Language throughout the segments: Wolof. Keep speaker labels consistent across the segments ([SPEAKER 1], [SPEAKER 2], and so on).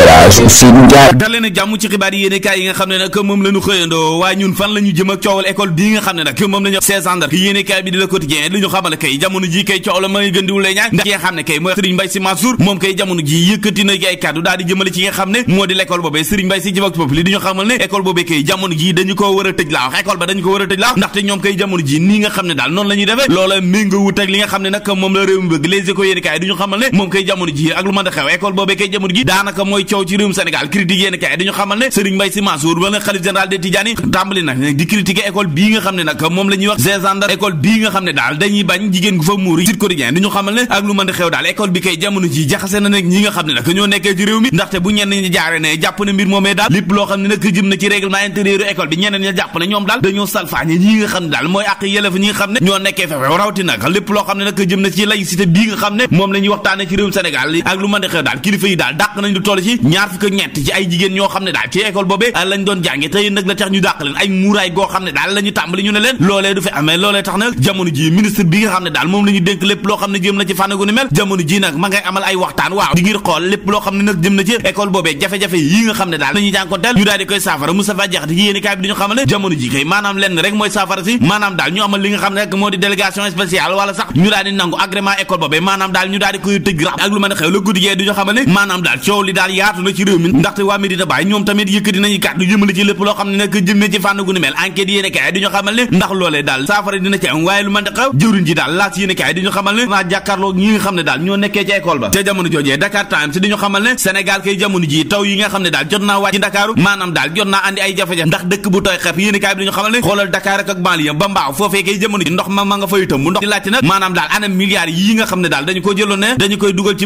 [SPEAKER 1] Elage Sidi jàmm ci xibaar yi yéene kaay yi nga xam ne nag moom moom la ñu seize gendarme yéene ko war a kay du ñu xamal ne moom kay jamono ji ak lu mën a xew école boobee kay jamono ji daanaka mooy coow ci réewum Sénégal critique yéen kay dañu xamal ne Serigne Mbaye Sy Mansour wala xalif général des Tidianes tàmbali nag nag di xew daal bi nga xam ne daal lépp loo xam ne nag jëm na ci règlement intérieur école bii nga xam ne moom la waxtaane ci réewum Sénégal ak lu mën di xew daal kilifa yi daal dàq nañ toll ci ji ñaar fukk ak ñett ci ay jigéen ñoo xam ne daal ci école boobee lañ doon jànge tey nag la tax ñu dàq leen ay muuraay goo xam ne daal la tàmbali ñu ne leen loolee du fi amee loolee tax nag jamono ji nag ma ngay amal ay waxtaan waaw di ngir xool lépp loo xam ne nag jëm na ci école boobee jafe-jafe yi nga xam ne daal lañuy jànkonteel ñu daal di koy saafara Moustapha Diakhaté ci yéeni kaay bi di ñu xamale jamono ji kay maanaam lenn rek mooy saafara si maanaam yaatu na ci réew mi ndaxte waa Medina Baye ñoom tamit yëkkati nañu kàddu jëmale ci lépp loo xam ne ndax loolee daal saafara dina ci am kaay di ñu xamal ne naa kay jamono ji taw yi nga xam ne daal jot naa wàcc ci ndax dëkk bu tooy xef yéene kaay bi dañu xamal ne xoolal Dakar ak ak banlieue ba mbaaw foofee kay jamono ji ndox ma ma nga fay tëmb ndox di laajte nag maanaam daal anam milliards yi nga xam ne daal dañu ko jëloon ne dañu koy dugal ci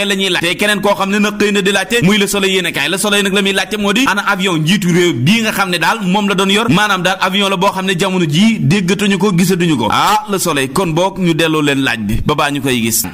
[SPEAKER 1] yooyee la ñuy laaj te keneen koo xam ne nag xëy na di laajte muy le soleil yéen a kaay nag la muy laajte moo di ana avion njiitu réew bii nga xam ne daal moom la doon yor maanaam daal avion la boo xam ne jamono jii déggatuñu ko gisatuñu ko ah le soleil kon boog ñu delloo leen laaj bi ba baa ñu koy gis